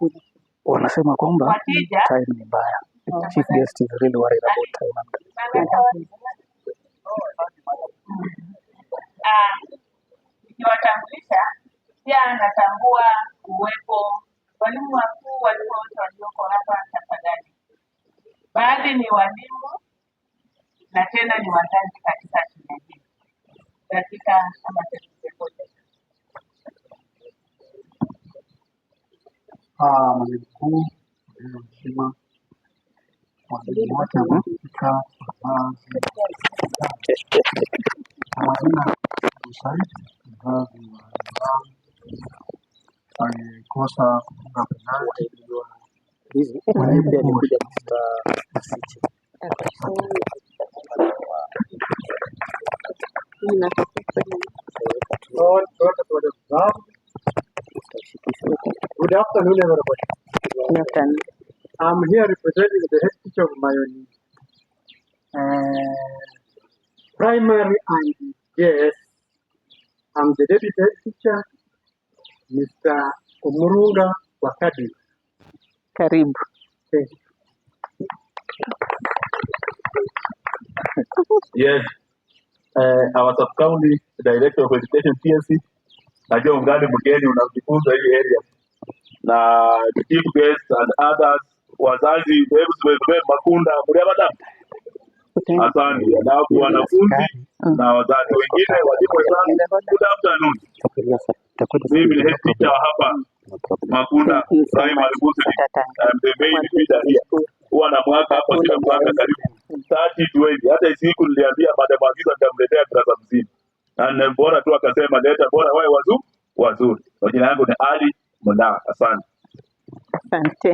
wamekuja. Wanasema kwamba time ni mbaya. Oh. Chief guest is really worried about time. Oh, um, nikiwatambulisha pia natambua uwepo walimu wakuu walikuwa wote walioko hapa tafadhali. Baadhi ni walimu na tena ni wazazi katika shule hii katika Ah, mwalimu mkuu mzima walimu wote wamefika mavazi hawana usaidi mavazi walivaa walikosa kufunga penalti mwalimu Good afternoon, everybody. Good afternoon. I'm here representing the HPC of Mayoni. Uh, primary and yes, I'm the deputy head teacher, Mr. Omurunga Wakadi. Karibu. yes, uh, our sub-county director of education TSC, najua ungali mgeni unajifunza hii area na chief guests and others, wazazi wewe Makunda Muriabadamu asante, alafu wanafunzi mm. na wazazi wengine walipo sana. Good afternoon, mimi ni head hapa Makunda Primary School. I'm the main leader here, huwa na mwaka hapa kila mwaka karibu 30 to 20. Hata siku niliambia madam Aziza nitamletea darasa mzima, na bora tu akasema leta, bora wae wazuri wazuri. jina yangu ni Ali Mwadau, asante. Asante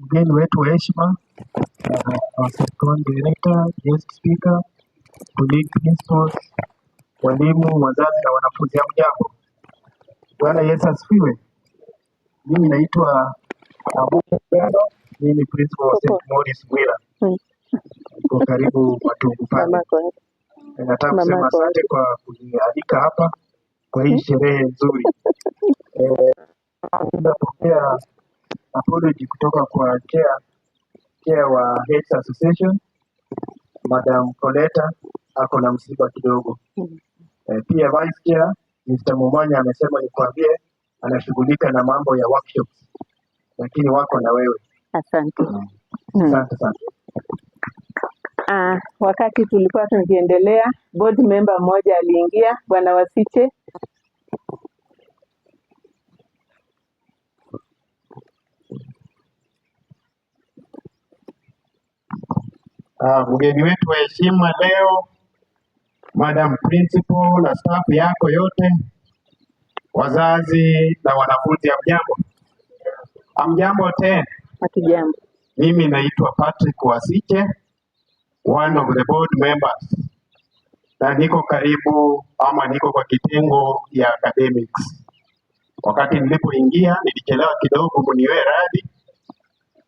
mgeni wetu wa heshima uh, director, guest speaker, colleague principals, walimu, wazazi na wanafunzi, hamjambo. Bwana Yesu asifiwe. Mimi naitwa Abuka Pendo, mimi ni principal wa St. Maurice Bwira. Uko karibu Matungu pale. Nataka kusema asante kwa kunialika hapa kwa hii sherehe nzuri. Tunapokea eh, apology kutoka kwa chair, chair wa Heads Association Madam Coleta ako na msiba kidogo. Eh, pia vice chair Mr. Mumanya amesema nikwambie, anashughulika na mambo ya workshops, lakini wako na wewe. Asante, asante sana uh, wakati tulikuwa tukiendelea, board member mmoja aliingia, bwana Wasiche Uh, mgeni wetu wa heshima leo, madam principal na staff yako yote, wazazi na wanafunzi, amjambo? Amjambo tena, mimi naitwa Patrick Wasiche one of the board members na niko karibu ama niko kwa kitengo ya academics. Wakati nilipoingia nilichelewa kidogo kuniwe radi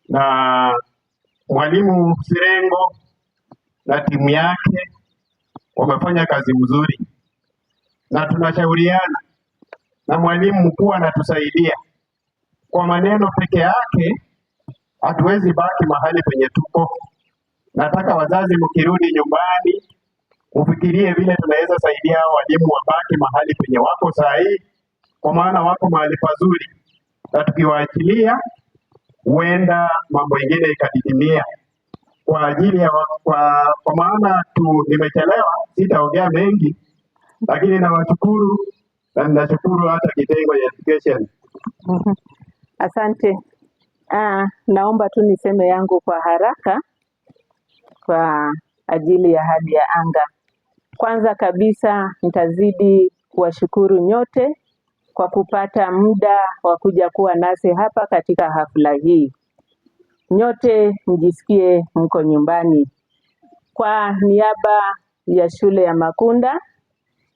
na mwalimu Sirengo na timu yake wamefanya kazi mzuri, na tunashauriana na mwalimu mkuu anatusaidia kwa maneno peke yake, hatuwezi baki mahali penye tuko. Nataka wazazi mkirudi nyumbani ufikirie vile tunaweza saidia hao walimu wabaki mahali penye wako saa hii, kwa maana wako mahali pazuri, na tukiwaachilia huenda mambo mengine ikadidimia kwa ajili ya kwa, kwa maana tu nimechelewa, sitaongea mengi, lakini nawashukuru na ninashukuru hata kitengo ya education. Asante. Aa, ah, naomba tu niseme yangu kwa haraka kwa ajili ya hali ya anga. Kwanza kabisa nitazidi kuwashukuru nyote kwa kupata muda wa kuja kuwa nasi hapa katika hafla hii. Nyote mjisikie mko nyumbani. Kwa niaba ya shule ya Makunda,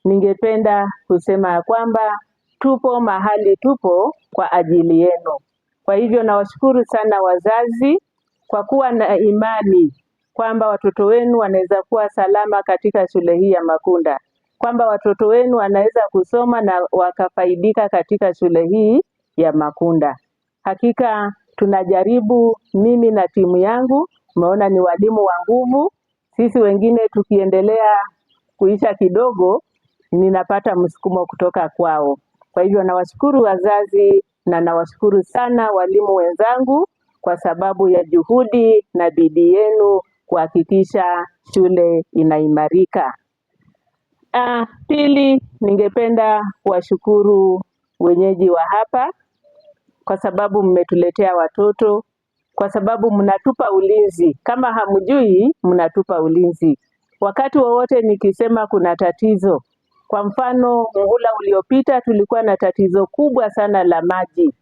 ningependa kusema ya kwamba tupo mahali tupo kwa ajili yenu. Kwa hivyo nawashukuru sana wazazi kwa kuwa na imani kwamba watoto wenu wanaweza kuwa salama katika shule hii ya Makunda, kwamba watoto wenu wanaweza kusoma na wakafaidika katika shule hii ya Makunda. Hakika tunajaribu, mimi na timu yangu, umeona ni walimu wa nguvu. Sisi wengine tukiendelea kuisha kidogo, ninapata msukumo kutoka kwao. Kwa hivyo nawashukuru wazazi na nawashukuru sana walimu wenzangu kwa sababu ya juhudi na bidii yenu kuhakikisha shule inaimarika. Ah, pili ningependa kuwashukuru wenyeji wa hapa kwa sababu mmetuletea watoto, kwa sababu mnatupa ulinzi. Kama hamjui, mnatupa ulinzi wakati wowote nikisema kuna tatizo. Kwa mfano, muhula uliopita tulikuwa na tatizo kubwa sana la maji.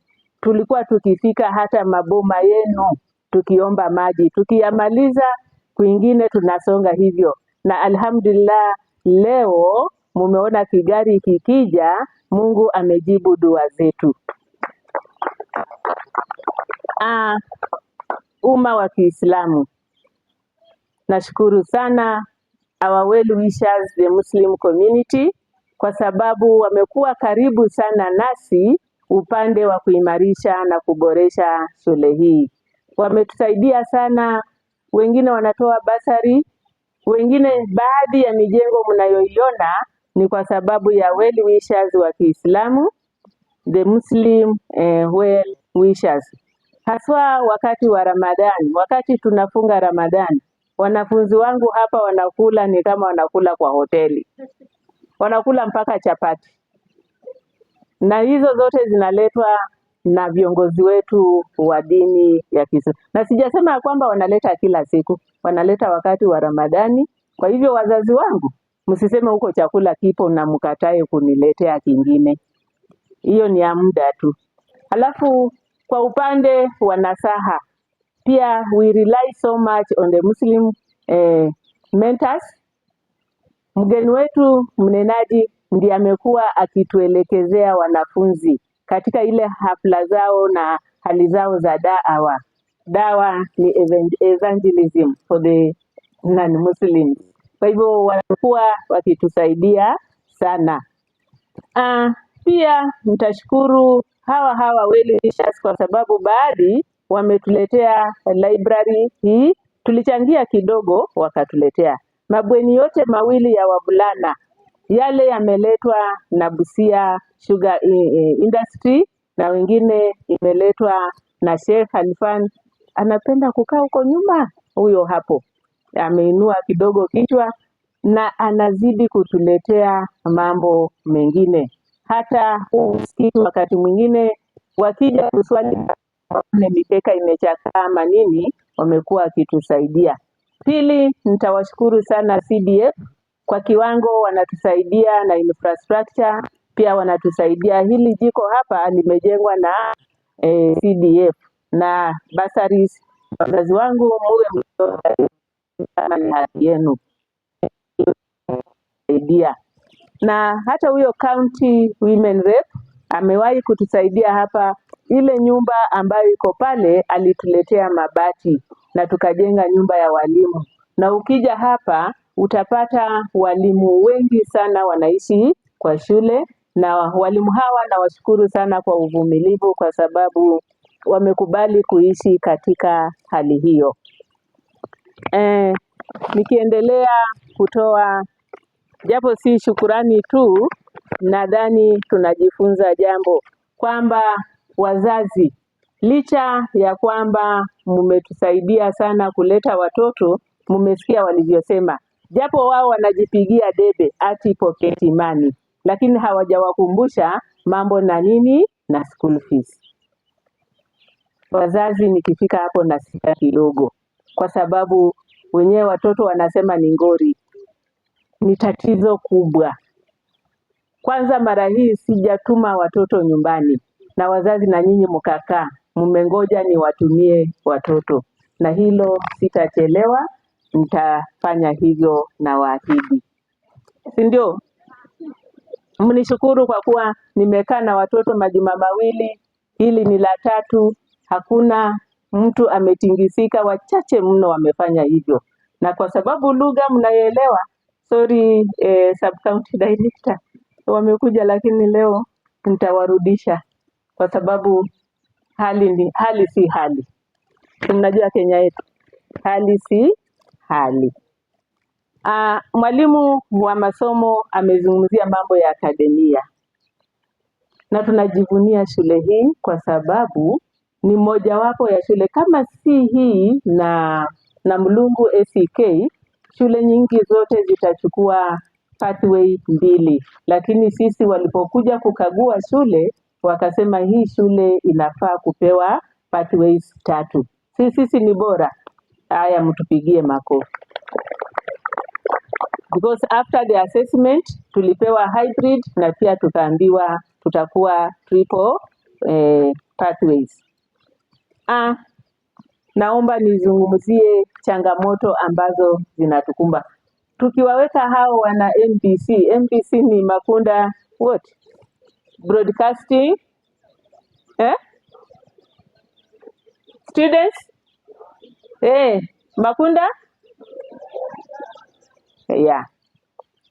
Tulikuwa tukifika hata maboma yenu tukiomba maji, tukiyamaliza kwingine tunasonga hivyo, na alhamdulillah leo mumeona kigari kikija, Mungu amejibu dua zetu. Ah, umma wa Kiislamu, nashukuru sana our well wishers the Muslim community kwa sababu wamekuwa karibu sana nasi upande wa kuimarisha na kuboresha shule hii. Wametusaidia sana wengine wanatoa basari, wengine baadhi ya mijengo mnayoiona ni kwa sababu ya well wishers wa Kiislamu, the Muslim eh, well wishers, haswa wakati wa Ramadhani. Wakati tunafunga Ramadhani, wanafunzi wangu hapa wanakula ni kama wanakula kwa hoteli, wanakula mpaka chapati, na hizo zote zinaletwa na viongozi wetu wa dini ya Kiislamu, na sijasema ya kwamba wanaleta kila siku, wanaleta wakati wa Ramadhani. Kwa hivyo, wazazi wangu, msiseme huko chakula kipo na mkatae kuniletea kingine, hiyo ni ya muda tu. Alafu kwa upande wa nasaha pia we rely so much on the Muslim eh, mentors. Mgeni wetu mnenaji ndiye amekuwa akituelekezea wanafunzi katika ile hafla zao na hali zao za dawa. Dawa ni evangelism for the non-Muslims. Kwa hivyo wanakuwa wakitusaidia sana. Uh, pia mtashukuru hawa hawa well kwa sababu baadhi wametuletea library hii, tulichangia kidogo wakatuletea mabweni yote mawili ya wavulana yale yameletwa na Busia Sugar eh, eh, Industry na wengine imeletwa na Sheikh Khalfan. Anapenda kukaa huko nyuma, huyo hapo ameinua kidogo kichwa na anazidi kutuletea mambo mengine. Hata huu msikiti wakati mwingine wakija kuswali waone mikeka imechakaa ama nini, wamekuwa wakitusaidia. Pili, nitawashukuru sana CDF kwa kiwango wanatusaidia na infrastructure pia wanatusaidia. Hili jiko hapa limejengwa na eh, CDF na basaris. Wazazi wangu muwe haki yenu idea na hata huyo county women rep amewahi kutusaidia hapa. Ile nyumba ambayo iko pale alituletea mabati na tukajenga nyumba ya walimu, na ukija hapa utapata walimu wengi sana wanaishi kwa shule na walimu hawa nawashukuru sana kwa uvumilivu kwa sababu wamekubali kuishi katika hali hiyo. Eh, nikiendelea kutoa japo si shukurani tu, nadhani tunajifunza jambo kwamba wazazi, licha ya kwamba mmetusaidia sana kuleta watoto, mmesikia walivyosema japo wao wanajipigia debe ati pocket money, lakini hawajawakumbusha mambo na nini na school fees. Wazazi, nikifika hapo na sita kidogo, kwa sababu wenyewe watoto wanasema ni ngori, ni tatizo kubwa. Kwanza mara hii sijatuma watoto nyumbani, na wazazi na nyinyi mkakaa mmengoja niwatumie watoto, na hilo sitachelewa mtafanya hivyo na waahidi, si ndio? Mnishukuru kwa kuwa nimekaa na watoto majuma mawili, hili ni la tatu, hakuna mtu ametingisika, wachache mno wamefanya hivyo, na kwa sababu lugha mnayoelewa, sorry eh, sub county director wamekuja, lakini leo nitawarudisha kwa sababu hali ni hali, si hali. Mnajua Kenya yetu hali si hali. Ah, mwalimu wa masomo amezungumzia mambo ya akademia na tunajivunia shule hii kwa sababu ni mojawapo ya shule kama si hii na mlungu ACK, shule nyingi zote zitachukua pathway mbili, lakini sisi walipokuja kukagua shule wakasema hii shule inafaa kupewa pathways tatu. sisi ni bora, Haya, mtupigie makofi. Because after the assessment tulipewa hybrid na pia tukaambiwa tutakuwa triple eh, pathways. Ah, naomba nizungumzie changamoto ambazo zinatukumba tukiwaweka hao wana MBC. MBC ni Makunda what broadcasting eh? students Eh, Makunda ya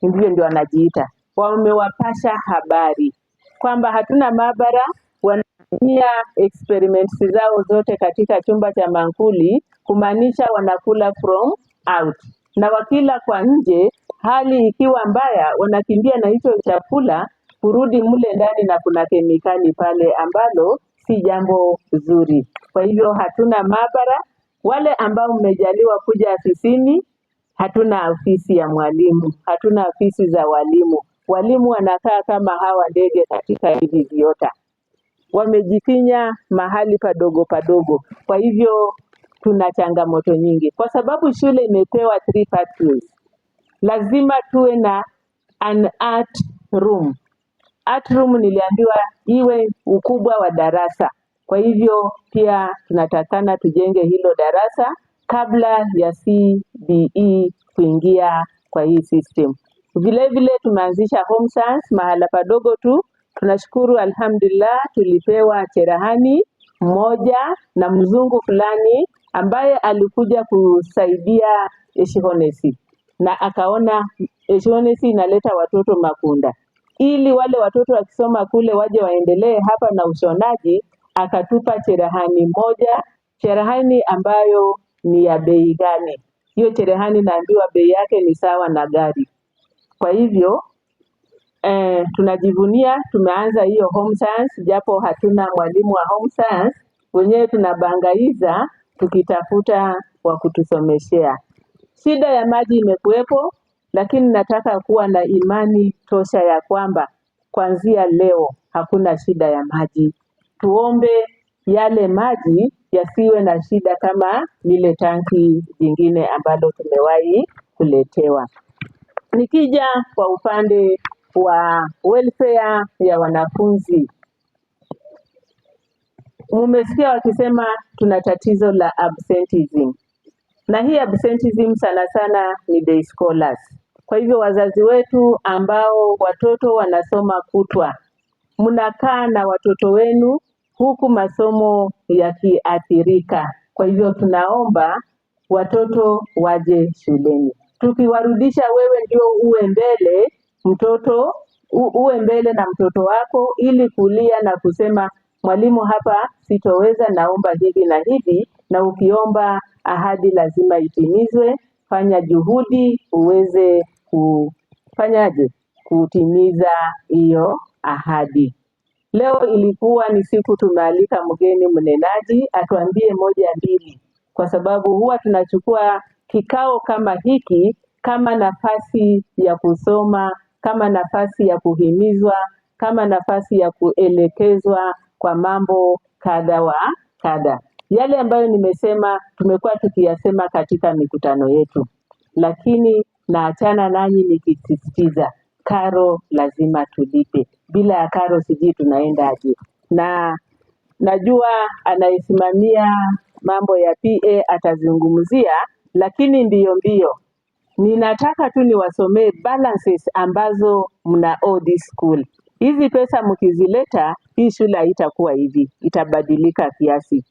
ndivyo ndio wanajiita, wamewapasha habari kwamba hatuna maabara, wanafanyia experiments zao zote katika chumba cha mankuli, kumaanisha wanakula from out, na wakila kwa nje, hali ikiwa mbaya, wanakimbia na hicho chakula kurudi mle ndani, na kuna kemikali pale ambalo si jambo zuri. Kwa hivyo hatuna maabara wale ambao mmejaliwa kuja afisini, hatuna afisi ya mwalimu, hatuna afisi za walimu. Walimu wanakaa kama hawa ndege katika hivi viota, wamejifinya mahali padogo padogo. Kwa hivyo tuna changamoto nyingi, kwa sababu shule imepewa three pathways. Lazima tuwe na an art room. Art room niliambiwa iwe ukubwa wa darasa kwa hivyo pia tunatakana tujenge hilo darasa kabla ya CBE kuingia kwa hii system. Vile vile tumeanzisha home science mahala padogo tu. Tunashukuru alhamdulillah, tulipewa cherahani mmoja na mzungu fulani ambaye alikuja kusaidia Eshihonesi na akaona Eshihonesi inaleta watoto Makunda, ili wale watoto wakisoma kule waje waendelee hapa na ushonaji, akatupa cherehani moja, cherehani ambayo ni ya bei gani Hiyo cherehani naambiwa bei yake ni sawa na gari. Kwa hivyo eh, tunajivunia tumeanza hiyo home science, japo hatuna mwalimu wa home science, wenyewe tunabangaiza tukitafuta wa kutusomeshea. Shida ya maji imekuwepo, lakini nataka kuwa na imani tosha ya kwamba kuanzia leo hakuna shida ya maji tuombe yale maji yasiwe na shida kama lile tanki jingine ambalo tumewahi kuletewa. Nikija kwa upande wa welfare ya wanafunzi, mumesikia wakisema tuna tatizo la absenteeism, na hii absenteeism sana sana ni day scholars. Kwa hivyo wazazi wetu ambao watoto wanasoma kutwa, mnakaa na watoto wenu huku masomo yakiathirika. Kwa hivyo tunaomba watoto waje shuleni, tukiwarudisha wewe ndio uwe mbele mtoto u, uwe mbele na mtoto wako ili kulia na kusema mwalimu, hapa sitoweza, naomba hivi na hivi. Na ukiomba ahadi lazima itimizwe. Fanya juhudi uweze kufanyaje kutimiza hiyo ahadi. Leo ilikuwa ni siku tumealika mgeni mnenaji atuambie moja mbili, kwa sababu huwa tunachukua kikao kama hiki kama nafasi ya kusoma, kama nafasi ya kuhimizwa, kama nafasi ya kuelekezwa kwa mambo kadha wa kadha, yale ambayo nimesema tumekuwa tukiyasema katika mikutano yetu, lakini naachana nanyi nikisisitiza karo lazima tulipe, bila ya karo sijui tunaenda aje. Na najua anayesimamia mambo ya PA atazungumzia, lakini ndiyo mbio, ninataka tu niwasomee balances ambazo mna owe this school. Hizi pesa mkizileta, hii shule haitakuwa hivi, itabadilika kiasi.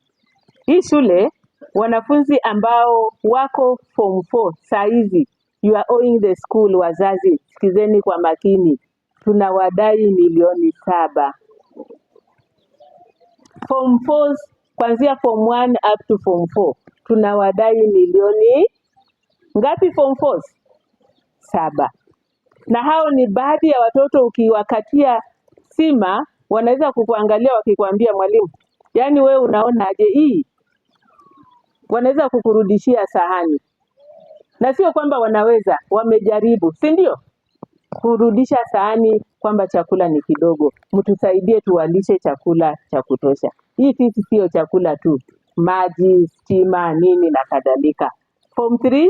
Hii shule wanafunzi ambao wako form 4 saa hizi You are owing the school. Wazazi sikizeni kwa makini, tunawadai milioni saba. Form 4 kuanzia form 1 up to form 4 tunawadai milioni ngapi? Form 4 saba, na hao ni baadhi ya watoto ukiwakatia sima wanaweza kukuangalia wakikwambia, mwalimu, yaani wewe unaonaje hii? Wanaweza kukurudishia sahani na sio kwamba wanaweza, wamejaribu, si ndio? Kurudisha sahani kwamba chakula ni kidogo, mtusaidie tuwalishe chakula cha kutosha. Hii sisi sio chakula tu, maji, stima, nini na kadhalika. Form 3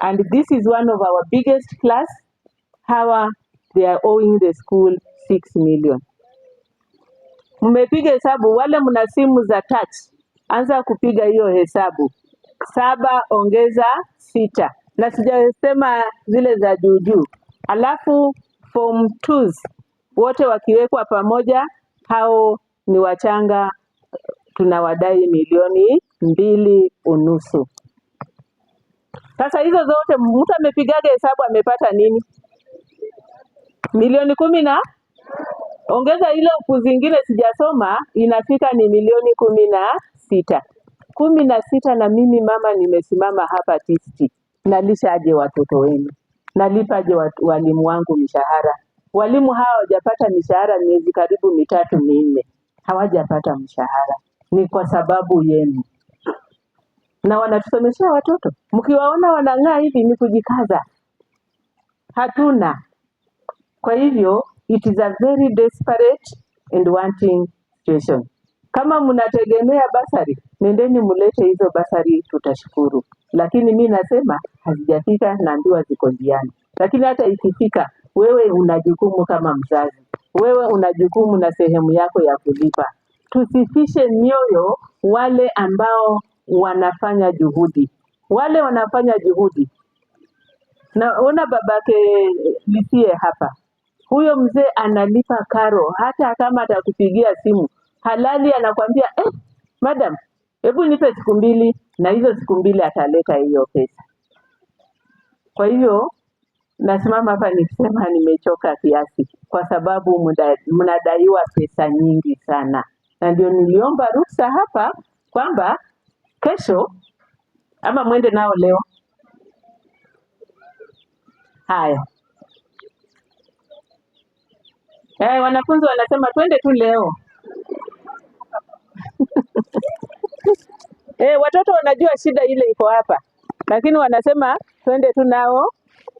and this is one of our biggest class, how they are owing the school 6 million. Mmepiga hesabu, wale mna simu za touch, anza kupiga hiyo hesabu saba ongeza sita, na sijasema zile za juu juu. Alafu form 2s wote wakiwekwa pamoja, hao ni wachanga, tunawadai milioni mbili unusu. Sasa hizo zote mtu amepigaga hesabu amepata nini? Milioni kumi na ongeza ile upu zingine sijasoma, inafika ni milioni kumi na sita kumi na sita na mimi mama nimesimama hapa tisti, nalishaje watoto wenu? nalipaje walimu wangu mishahara? Walimu hawa hawajapata mishahara miezi karibu mitatu minne, hawajapata mshahara, ni kwa sababu yenu, na wanatusomeshea watoto. Mkiwaona wanang'aa hivi ni kujikaza, hatuna. Kwa hivyo it is a very desperate and wanting situation. Kama mnategemea basari Nendeni mlete hizo basari tutashukuru. Lakini mi nasema hazijafika, naambiwa ziko njiani. Lakini hata ikifika, wewe una jukumu kama mzazi, wewe una jukumu na sehemu yako ya kulipa. Tusifishe mioyo wale ambao wanafanya juhudi, wale wanafanya juhudi. Naona babake Lisie hapa, huyo mzee analipa karo, hata kama atakupigia simu halali, anakwambia eh, madam hebu nipe siku mbili, na hizo siku mbili ataleta hiyo pesa. Kwa hivyo nasimama hapa nikisema nimechoka kiasi, kwa sababu mnadaiwa pesa nyingi sana, na ndio niliomba ruksa hapa kwamba kesho ama mwende nao leo. Haya, eh, wanafunzi wanasema twende tu leo. Eh, watoto wanajua shida ile iko hapa, lakini wanasema twende tu nao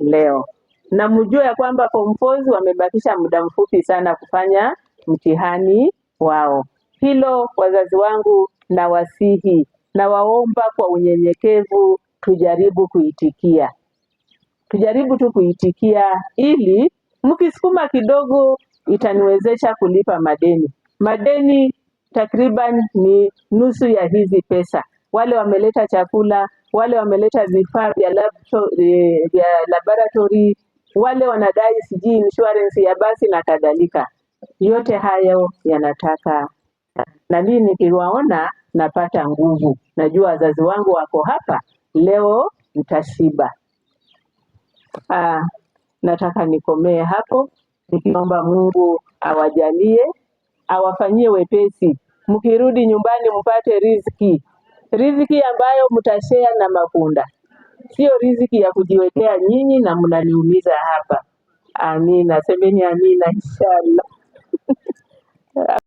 leo, na mjua ya kwamba form wamebakisha muda mfupi sana kufanya mtihani wao. Hilo wazazi wangu na wasihi na waomba kwa unyenyekevu, tujaribu kuitikia, tujaribu tu kuitikia, ili mkisukuma kidogo itaniwezesha kulipa madeni. Madeni takriban ni nusu ya hizi pesa. Wale wameleta chakula, wale wameleta vifaa vya laboratory, wale wanadai sijui insurance ya basi na kadhalika. Yote hayo yanataka, na mimi nikiwaona napata nguvu. Najua wazazi wangu wako hapa leo, nitashiba. Ah, nataka nikomee hapo nikiomba Mungu awajalie awafanyie wepesi, mkirudi nyumbani mpate riziki, riziki ambayo mtashea na makunda sio riziki ya kujiwekea nyinyi na mnaniumiza hapa. Amina, semeni amina, inshallah.